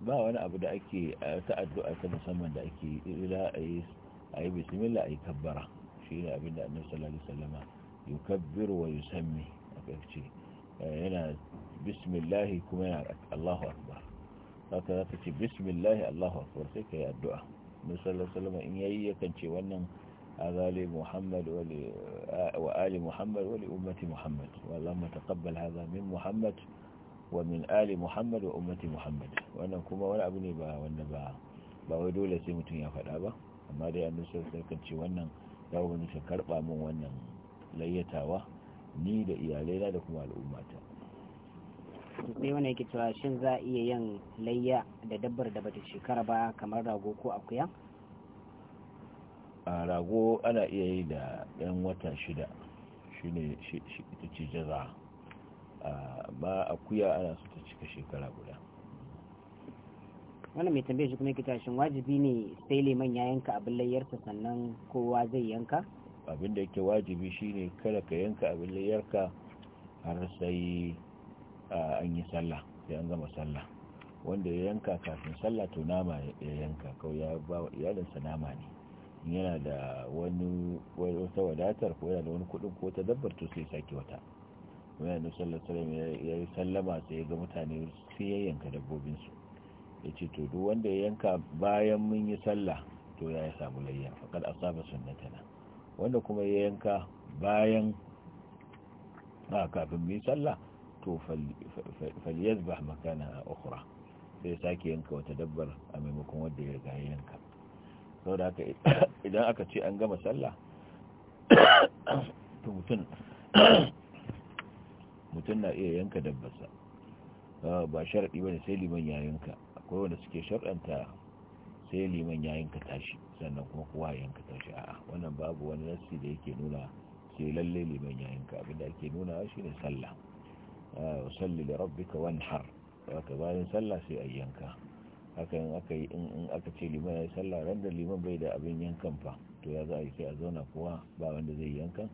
ba wani abu da ake ta addu'a ta musamman da ake ila a yi a yi bismillah a yi kabbara shi ne abin da annabi sallallahu alaihi wasallam yukabbiru wa yusammi aka ce eh, yana bismillah kuma yana Allahu akbar haka zaka ce bismillah Allahu akbar sai kai addu'a annabi sallallahu alaihi wasallam in yayi yakan ce wannan هذا محمد وآل محمد ولأمة محمد واللهم تقبل هذا من محمد ومن آل محمد وأمة محمد وأنا كما ولا أبني بها وأنا بها ba لسيمة يا sai أما دي faɗa ba amma dai an nusa sarkar ce wannan ya wani ka karɓa min wannan layyatawa ni da yake cewa shin za a iya yin layya da dabbar da bata shekara ba kamar rago ko akuya a rago ana iya yi da yan wata shida shi ne ita ce jaza ba akuya ana su ta cika shekara guda wannan mai tambaye shi kuma kita shin wajibi ne sai liman ya yanka abin layyarsa sannan kowa zai yanka abin da yake wajibi shine kada ka yanka abin layyarka har sai an yi sallah sai an gama sallah wanda ya yanka kafin sallah to nama ya yanka kawai ya ba iyalinsa nama ne yana da wani wata wadatar ko yana da wani kudin ko ta dabbar to sai sake wata wani yana sallar sallam ya yi sallama sai ga mutane sai ya yanka dabbobinsu ya ce to duk wanda ya yanka bayan mun yi sallah to ya yi samu layya faƙar asaba sunnatana wanda kuma ya yanka bayan a kafin mu yi sallah to faliyar ba makana a ukura sai sake yanka wata dabbar a maimakon wanda ya riga ya yanka sau da haka idan aka ce an gama sallah to mutum mutum na iya yanka dabbasa ba sharaɗi ba da sai liman ya akwai wanda suke sharɗanta sai liman ya tashi sannan kuma kowa ya yanka tashi a'a wannan babu wani nassi da yake nuna sai lalle liman ya abinda ake nuna shi ne sallah wa salli da rabbika wanhar daga bayan sallah sai a yanka hakan aka yi in aka ce liman ya yi sallah ran da liman bai da abin yankan fa to ya za a yi sai a zauna kowa ba wanda zai yankan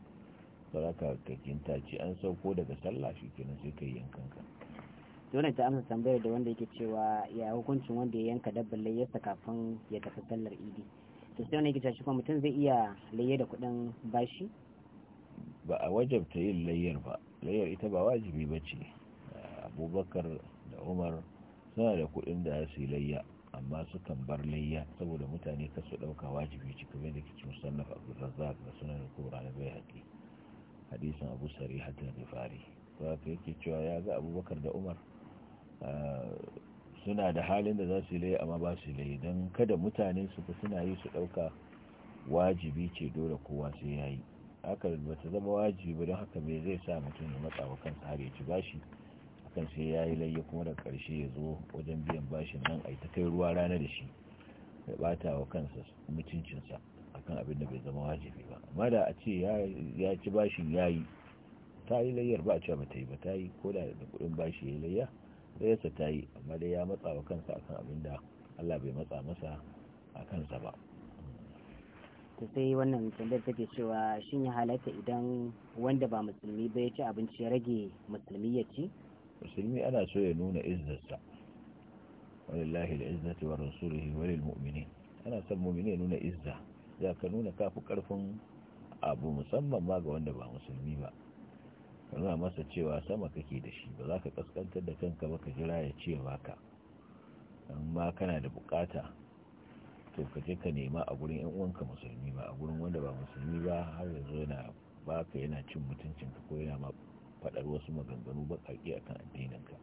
ba za ka kakin ce an sauko daga sallah shi kenan sai ka yi yankan ka dole ta amsa tambayar da wanda yake cewa ya hukuncin wanda ya yanka dabbar layyarsa kafin ya tafi sallar idi to sai wani yake cewa kuma mutum zai iya layye da kuɗin bashi ba a wajabta yin layyar ba layyar ita ba wajibi ba ce abubakar da umar suna da kuɗin da su layya amma sukan bar layya saboda mutane ka su ɗauka wajibi ci kuma da kicin musannaf abdulrazzaq da sunan kura na bai haƙi hadisin abu sari hatta da fari ba ka yake cewa ya ga abubakar da umar ah, suna da halin da za su yi layya amma ba su yi layya don kada mutane su fi suna yi su ɗauka wajibi ce dole kowa sai ya yi haka ba ta zama wajibi ba don haka me zai sa mutum ya matsa wa kansa har ya ci bashi sai ya yi layya kuma da karshe ya zo wajen biyan bashin nan a ta kai ruwa rana da shi ya bata wa kansa mutuncinsa kan abin da bai zama wajibi ba amma da a ce ya ci bashin ya yi ta yi layar ba a cewa mata yi ba ta yi ko da da kudin bashi ya yi layya layyarsa ta yi amma dai ya matsa wa kansa a kan abin da allah bai matsa masa a kansa ba ta sai wannan tambayar take cewa shin ya halatta idan wanda ba musulmi ba ya ci abinci ya rage musulmi ya ci musulmi ana so ya nuna izzarsa wani da izzati wa rasulihi wani mu'mini ana son mu'mini ya nuna izza za ka nuna kafi karfin abu musamman ma ga wanda ba musulmi ba ka nuna masa cewa sama kake da shi ba za ka kaskantar da kanka ba ka jira ya ce ka amma kana da bukata to ka je ka nema a gurin yan uwanka musulmi ba a gurin wanda ba musulmi ba har yanzu yana ba ka yana cin mutuncinka ko yana ma faɗar wasu maganganu a akan addininka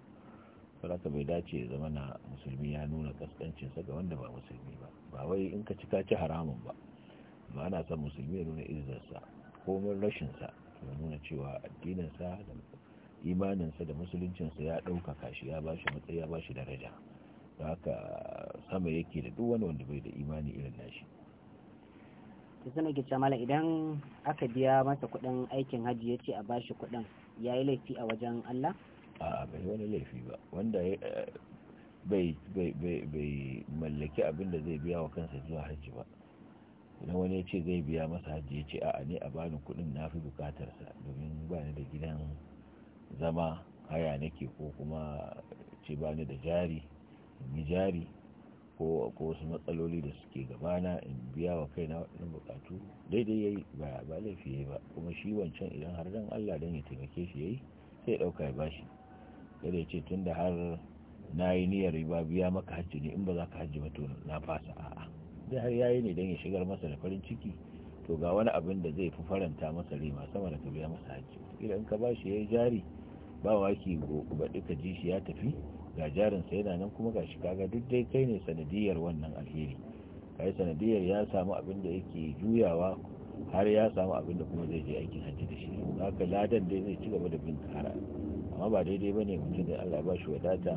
saboda bai dace ya zama na musulmi ya nuna ƙasƙancinsa ga wanda ba musulmi ba ba wai in ka cika ci haramun ba amma ana son musulmi ya nuna izzarsa komin rashinsa ya nuna cewa addininsa da imaninsa da musuluncinsa ya ɗaukaka shi ya ba shi matsayi ya ba shi daraja da haka sama yake da duk wani wanda bai da imani irin nashi ta sanar ke idan aka biya masa kuɗin aikin hajji ya ce a bashi kuɗin ya yi laifi a wajen Allah? a bai wani laifi ba wanda eh, bai mallaki abin da zai biya wa kansa zuwa hajji ba idan wani ya ce zai biya masa hajji ya ce a ne a bani kudin na fi bukatarsa domin bani da gidan zama haya nake ko kuma ce bani da jari in yi jari ko ko wasu matsaloli da suke gabana in biya wa kaina na bukatu daidai yayi ba ba laifi yayi ba kuma shi wancan idan har dan Allah dan ya taimake shi yayi sai dauka ya bashi kada ya ce tunda har na yi niyyar riba biya maka hajji ne in ba za ka hajji ba to na fasa a'a sai har yayi ne dan ya shigar masa da farin ciki to ga wani abin da zai fi faranta masa rima sama da ka biya masa hajji idan ka bashi yayi jari ba waki gobe ka ji shi ya tafi ga jarinsa yana nan kuma ga shi duk dai kai ne sanadiyar wannan alheri kai sanadiyar ya samu abin da yake juyawa har ya samu abin da kuma zai je aikin hajji da shi haka ladan dai zai ci gaba da bin kara amma ba daidai bane mutum da Allah ba shi wadata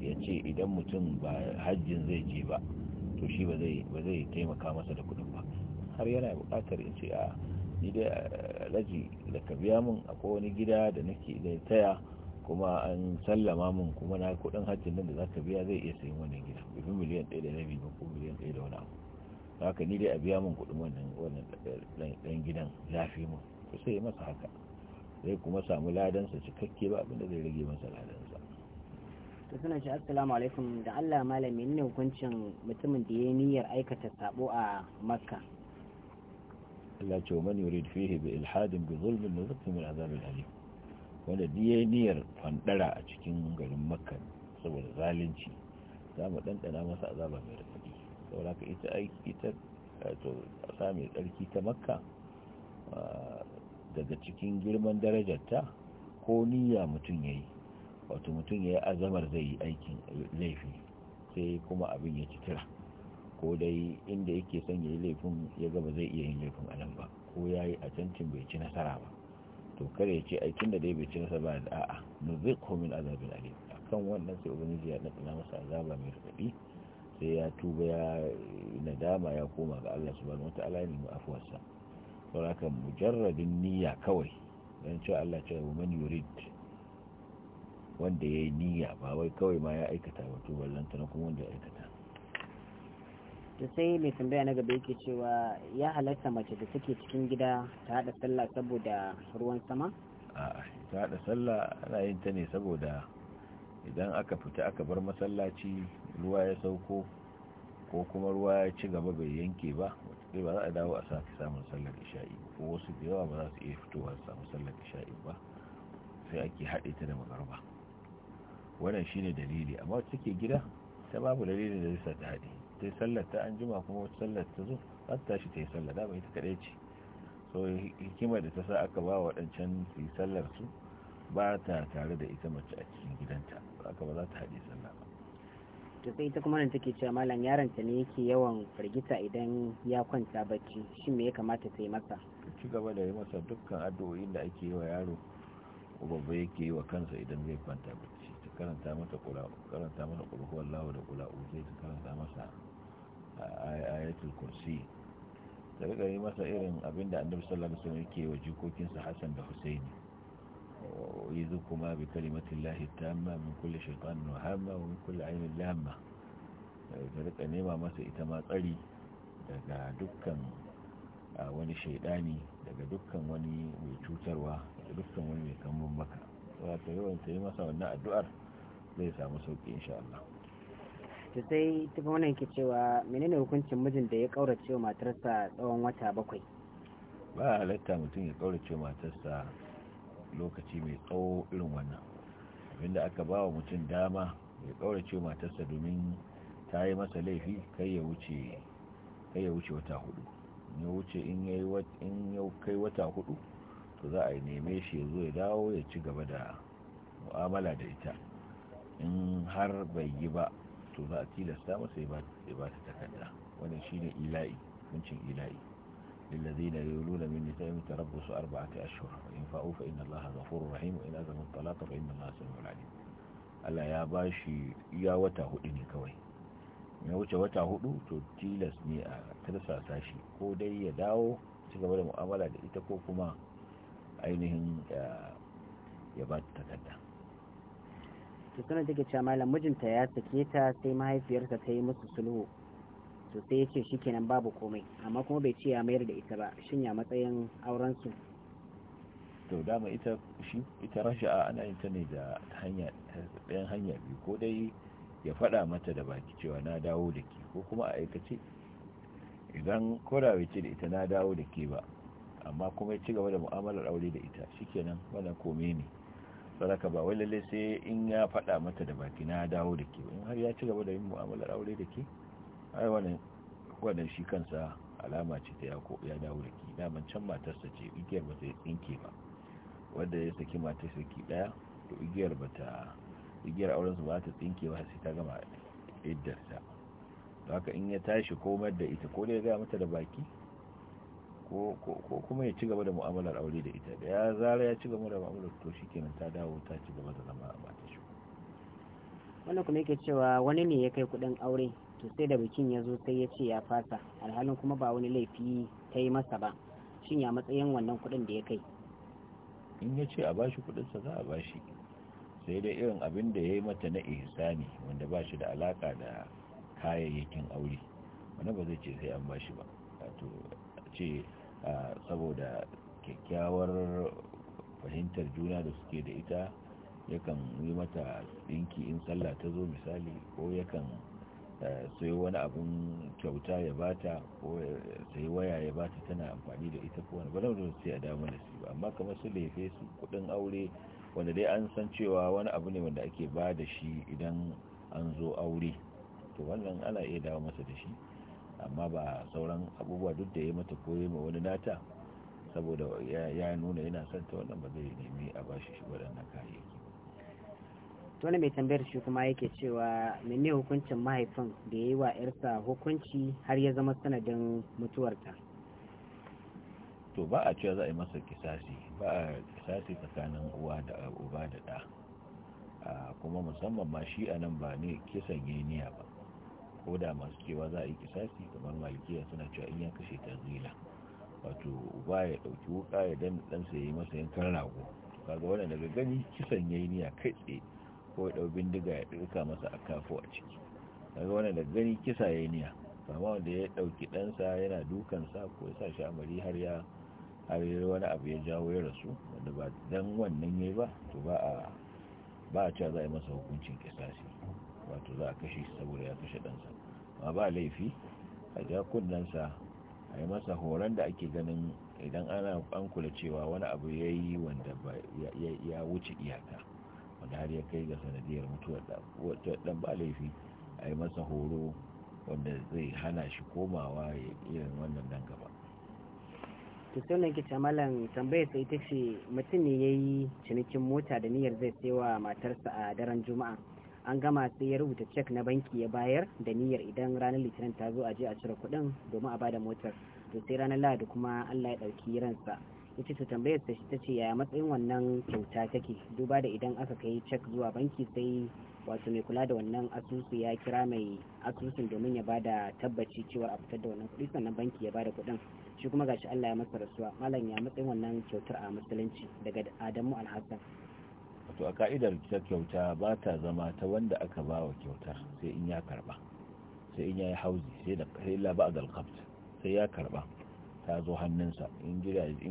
ya ce idan mutum ba hajjin zai je ba to shi ba zai taimaka masa da kuɗin ba har yana buƙatar in ce a ni dai alaji da ka biya min akwai wani gida da nake da taya kuma an sallama mun kuma na kudin hajjin nan da za ka biya zai iya sayin wannan gida bifin miliyan ɗaya da rabi ba ko miliyan ɗaya da wani abu haka ni dai a biya mun kudin wannan wannan ɗan gidan lafi mun to sai ya masa haka zai kuma samu ladansa cikakke ba abinda zai rage masa ladansa to suna shi assalamu alaikum da Allah malami ne hukuncin mutumin da yayi niyyar aikata sabo a makka Allah ce man yurid fihi bi ilhadin bi zulmin nuzqi min azabin alim wanda diye niyyar fandara a cikin garin makka saboda zalunci za mu ɗanɗana masa azaba mai rafi saboda ka ita aiki ta to ƙasa mai tsarki ta makka daga cikin girman darajarta ko niyya mutum ya yi wato mutum ya yi azamar zai yi aikin laifi sai kuma abin ya ci tira ko dai inda yake son ya yi laifin ya gaba zai iya yin laifin anan ba ko ya yi a cantin bai ci nasara ba to kare ya ce aikin da dai bai ci nasa ba da a'a nuziqhu min azabin alim kan wannan sai ubangiji ya dana masa azaba mai radadi sai ya tuba ya nadama ya koma ga Allah subhanahu wataala ne mu afwarsa kan mujarradin niyya kawai dan cewa Allah ce wa mani yurid wanda yayi niyya ba wai kawai ma ya aikata ba to ballanta kuma wanda ya aikata ta sai mai tambaya na gaba yake cewa ya halatta mace da take cikin gida ta hada sallah saboda ruwan sama a ta hada sallah ana yin ta ne saboda idan aka fita aka bar masallaci ruwa ya sauko ko kuma ruwa ya ci gaba bai yanke ba sai ba za a dawo a sake samun sallar isha'i ko wasu da yawa ba za su iya fitowa su samu sallar isha'i ba sai ake haɗe ta da magarba wannan shine dalili amma wacce take gida ta babu dalilin da zai sa ta haɗe ta sallar ta an jima kuma wata sallar ta zo za tashi ta yi sallar dama ita kaɗai ce so hikimar da ta sa aka ba waɗancan su yi sallar su ba ta tare da ita mace a cikin gidanta aka ba za ta haɗe sallar. ba to sai ita kuma nan take cewa malam yaron ta ne yake yawan firgita idan ya kwanta bacci shi me ya kamata ta yi masa ta ci gaba da yi masa dukkan addu'o'in da ake yi wa yaro babba yake yi wa kansa idan zai kwanta bacci ta karanta mata kula karanta mata da kula zai ta karanta masa ayatul kursi da rika yi masa irin abinda annabi sallallahu alaihi wasallam yake wa jikokin sa Hassan da kuma Husaini ويذكما kulli الله التامة من wa شيطان kulli ومن كل da لامة nema masa ita ma tsari daga dukkan wani shaydani daga dukkan wani mai cutarwa daga dukkan wani mai kambun maka za ta yawan ta yi masa wannan addu'ar zai samu sauki insha Allah to sai tafi wannan ke cewa menene hukuncin mijin da ya kaurace wa matarsa tsawon wata bakwai ba halatta mutum ya kaurace matarsa lokaci mai tsawo irin wannan abinda aka ba wa mutum dama ya kaurace matarsa domin ta yi masa laifi kai ya wuce wata hudu ya wuce in ya kai wata hudu to za a neme shi ya zo ya dawo ya ci gaba da mu'amala da ita in har bai yi ba to za a tilasta masa ya ba ta takarda wannan shine ila'i hukuncin ila'i للذين يولون من نسائهم تربص أربعة أشهر وإن فأوا فإن الله غفور رحيم وإن أذنوا الطلاق فإن الله سميع عليم Allah ya ba shi iya wata hudu ne kawai ya wuce wata hudu to tilas ne a tirsasa shi ko dai ya dawo ci gaba da mu'amala da ita ko kuma ainihin ya ba ta takarda to suna take cewa malam mijinta ya sake ta sai mahaifiyarsa ta yi musu sulhu to sai ya ce shikenan babu komai amma kuma bai ce ya mayar da ita ba shin ya matsayin auren su to dama ita shi ita rasha'a ana yin ta ne da hanya ɗayan hanya biyu ko dai ya faɗa mata da baki cewa na dawo da ke ko kuma a aikace idan da bai ce da ita na dawo da ke ba amma kuma ya ci gaba da mu'amalar aure da ita shikenan wannan kome ne saraka ba wai lalle sai in ya faɗa mata da baki na dawo da ke in har ya ci gaba da yin mu'amalar aure da ke ai wannan wannan shi kansa alama ce ta yako ya dawo da ke daman can matarsa ce igiyar ba zai tsinke ba wanda ya saki matar saki daya to igiyar ba ta igiyar auren su ba ta tsinke ba sai ta gama iddarta ba haka in ya tashi komar da ita ko da ya gaya mata da baki ko kuma ya ci gaba da mu'amalar aure da ita da ya zara ya ci gaba da mu'amalar to shi kenan ta dawo ta ci gaba da zama a mata shi wannan kuma yake cewa wani ne ya kai kudin aure to sai da bikin ya zo sai ya ce ya fasa alhalin kuma ba wani laifi ta yi masa ba shin ya matsayin wannan kudin da ya kai in ya ce a bashi sa za a bashi sai dai irin abin da ya yi mata na ihsani wanda ba shi da alaka da kayayyakin aure wani ba zai ce sai an bashi ba wato ce saboda kyakkyawar fahimtar juna da suke da ita yakan yi mata ɗinki in sallah ta zo misali ko yakan eh, sai wani abin kyauta ya bata ko sai waya ya bata tana amfani da ita ko wani da sai a damu da su amma kamar su laife su kudin aure wanda dai an san cewa wani abu ne wanda ake ba da shi idan an zo aure to wannan ana iya dawo masa da shi amma ba sauran abubuwa duk da ya mata ko ya ma wani nata saboda ya nuna yana son ta wannan ba zai nemi a bashi shi waɗannan kayayyaki wani mai tambayar shi kuma yake cewa menene hukuncin mahaifin da ya yi wa 'yarsa hukunci har ya zama sanadin mutuwarta to ba a cewa za a yi masa kisasi ba a kisasi tsakanin uwa da uba da ɗa ah, kuma musamman ma shi a nan ba ne kisan yaniya ba ko da masu cewa za a yi kisasi kamar malikiya suna cewa in ya kashe ta zila wato uba ya dauki wuka ya dan dan ya yi masa yankan rago kaga wannan daga gani kisan ya yi niyya kai tsaye ko ya dau bindiga ya dauka masa a kafo a ciki kaga wannan daga gani kisa ya yi niyya amma wanda ya ɗauki ɗansa yana dukansa ko ya sa shi amari har ya har wani abu ya jawo ya rasu wanda ba dan wannan yayi ba to ba a ba a cewa za a yi masa hukuncin kisasi wato za a kashe shi saboda ya kashe ɗansa ma ba laifi a ja kunnensa a yi masa horon da ake ganin idan ana an kula cewa wani abu ya yi wanda ya wuce iyaka wanda har ya kai ga sanadiyar mutuwar ɗan ba laifi a yi masa horo wanda zai hana shi komawa ya irin wannan nan gaba to sai na kice malam tambayar sai ta ce mutum ne ya yi cinikin mota da niyyar zai sai wa matarsa a daren juma'a an gama sai ya rubuta cek na banki ya bayar da niyyar idan ranar litinin ta zo a je a cire kudin domin a bada motar to sai ranar lahadi kuma allah ya ɗauki ransa ya ce tambayar ta ta ce yaya matsayin wannan kyauta take duba da idan aka kai cek zuwa banki sai wato mai kula da wannan asusu ya kira mai asusun domin ya bada tabbaci cewa a fitar da wannan kuɗi sannan banki ya bada kuɗin shi kuma gashi allah ya masa rasuwa malam ya matsayin wannan kyautar a musulunci daga adamu alhassan to a ka'idar ta kyauta ba ta zama ta wanda aka ba wa kyautar sai in ya karba sai in ya yi hauzi sai da kaila ba a galkaft sai ya karba ta zo hannunsa in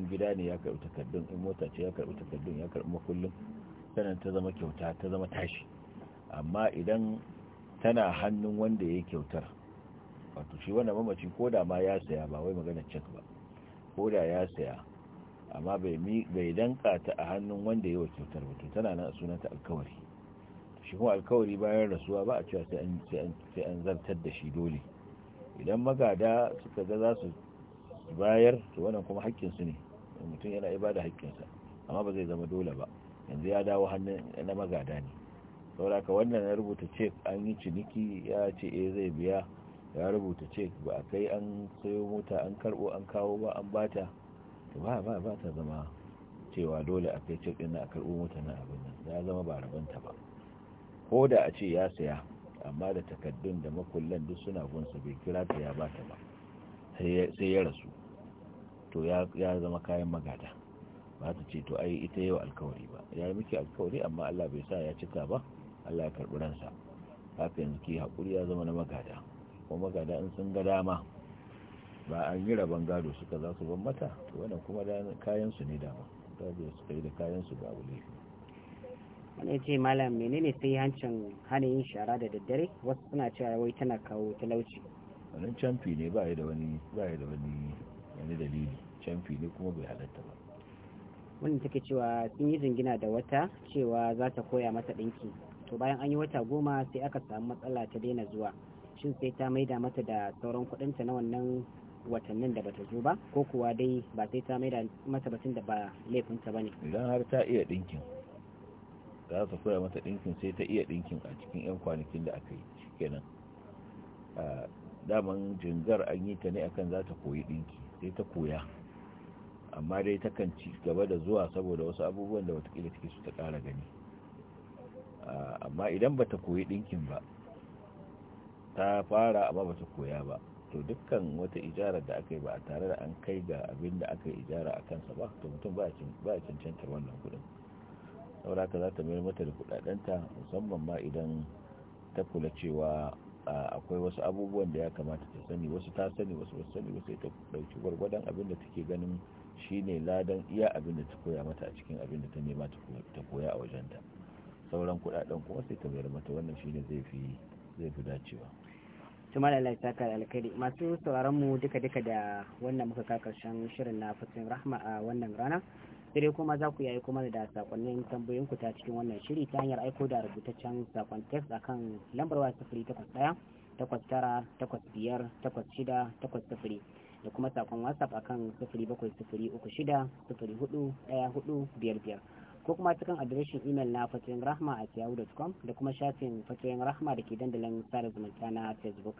gida ne ya karbi takardun in mota ce ya karbi takardun ya karbi makullin sannan ta zama kyauta ta zama tashi amma idan tana hannun wanda ya kyautar wato shi wannan mamaci ko da ma ya saya ba wai magana cek ba ko da ya saya amma bai danka ta a hannun wanda ya wakiltar mutum tana nan sunanta alkawari shi kuma alkawari bayan rasuwa ba a cewa sai an zartar da shi dole idan magada suka ga za su bayar to wannan kuma haƙƙinsu ne mutum yana da haƙƙinsa amma ba zai zama dole ba yanzu ya dawo hannun na magada ne sauraka wannan ya rubuta cek an yi ciniki ya ce e zai biya ya rubuta cek ba a kai an sayo mota an karɓo an kawo ba an bata ba ba ba ta zama cewa dole a kai cikin na a karɓo mota na abin nan ya zama ba rabanta ba ko da a ce ya saya amma da takaddun da makullan duk suna gunsa bai kira ta ya ba ta ba sai ya rasu to ya zama kayan magada ba ta ce to ai ita yau alkawari ba ya yi miki alkawari amma Allah bai sa ya cika ba Allah ya karɓi ransa haka yanzu ki haƙuri ya zama na magada ko magada in sun ga dama ba an yi rabon gado suka za su ban mata wannan kuma kayan su ne dama gado suka yi da kayan su babu laifi wani ce malam menene sai hancin hana yin shara da daddare wasu suna cewa wai tana kawo talauci wani canfi ne ba da wani da wani wani dalili canfi ne kuma bai halatta ba wani take cewa sun yi zingina da wata cewa za ta koya mata ɗinki to bayan an yi wata goma sai aka samu matsala ta daina zuwa shin sai ta maida mata da sauran kuɗinta na wannan watannin da bata zo ba ko kuwa dai ba sai ta mai da mata batun da ba laifinta ba ne idan har ta iya ɗinkin za su koya mata ɗinkin sai ta iya ɗinkin a cikin 'yan kwanakin da aka yi a daman jingar an yi ta ne akan za ta koyi ɗinki sai ta koya amma dai ta kan ci gaba da zuwa saboda wasu abubuwan da watakila take su ta ƙara gani amma idan ba ta koyi ɗinkin ba ta fara amma ba ta koya ba to dukkan wata ijara da aka yi ba a tare da an kai ga abin da aka yi ijara a kansa ba to mutum ba a cancantar wannan kudin saboda ka za ta mayar mata da kudadenta musamman ma idan ta kula cewa akwai wasu abubuwan da ya kamata ta sani wasu ta sani wasu wasu sani wasu ta dauki gwargwadon abin da take ganin shine ladan iya abin da ta koya mata a cikin abin da ta nema ta koya a wajenta sauran kudaden kuma sai ta mayar mata wannan shine zai fi zai fi dacewa tumar Allah ya saka masu sauraron mu duka duka da wannan muka kakar shan shirin na fasin rahma a wannan rana sai kuma za ku yayi kuma da sakonnin tambayoyin ku ta cikin wannan shiri ta hanyar aiko da rubutaccen sakon text akan lambar waya sifiri takwas ɗaya takwas tara biyar takwas shida da kuma sakon whatsapp akan sifiri bakwai sifiri uku ko kuma cikin adireshin imel na fatoyin rahma a yahoo.com da kuma shafin fatoyin rahma da ke dandalin sada zumunta na facebook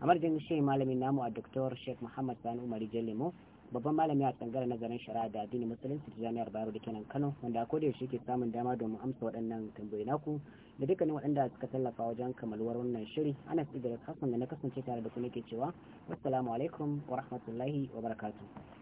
a madadin shi malamin namu a dr sheikh muhammad sani umari lemo babban malami a tsangare nazarin shari'a da addinin musulunci da jami'ar bayero da kenan kano wanda a koda yaushe ke samun dama domin amsa waɗannan tambayi naku da dukkanin waɗanda suka tallafa wajen kamaluwar wannan shiri ana su da da na kasance tare da ku ke cewa assalamu alaikum wa rahmatullahi wa barakatuh